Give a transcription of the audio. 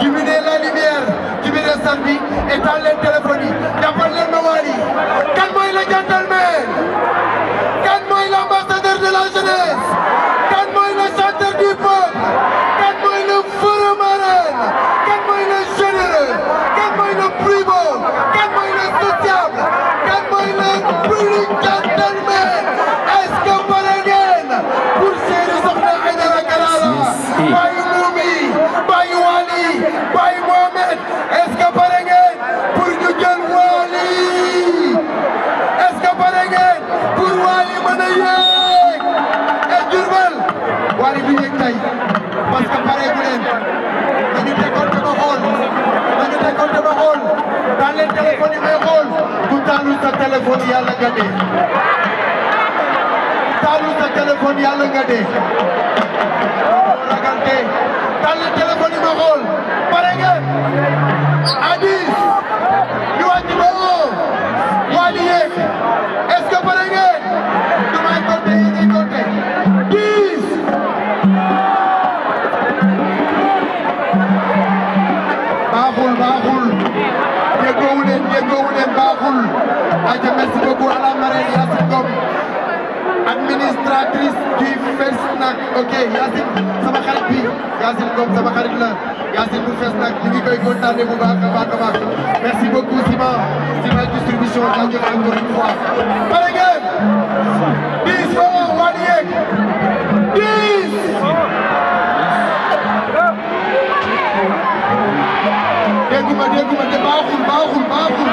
Diminuez la lumière, diminuez vie vie, étant les téléphonies. bëri du ñu tey parce que pare bu leen dañu décompté ba xool dañu décompté ba xool daal leen téléphone yi may xool ku taalu sa téléphone yàlla nga dee taalu sa téléphone yàlla nga dee ragal dee daal leen téléphone yi ma xool pare nga Adis ñu wàcc ba woo waa di yeeg nag ok Yacine sama xarit bi Yacine Ngom sama xarit la Yacine bu fees nag ñu ngi koy kontaane bu baax a baax a baax merci beaucoup Sima Sima distribution jaajëf encore une fois. pare ngeen 10 fo wàllu yeeg 10. dégguma dégguma te baaxul baaxul baaxul.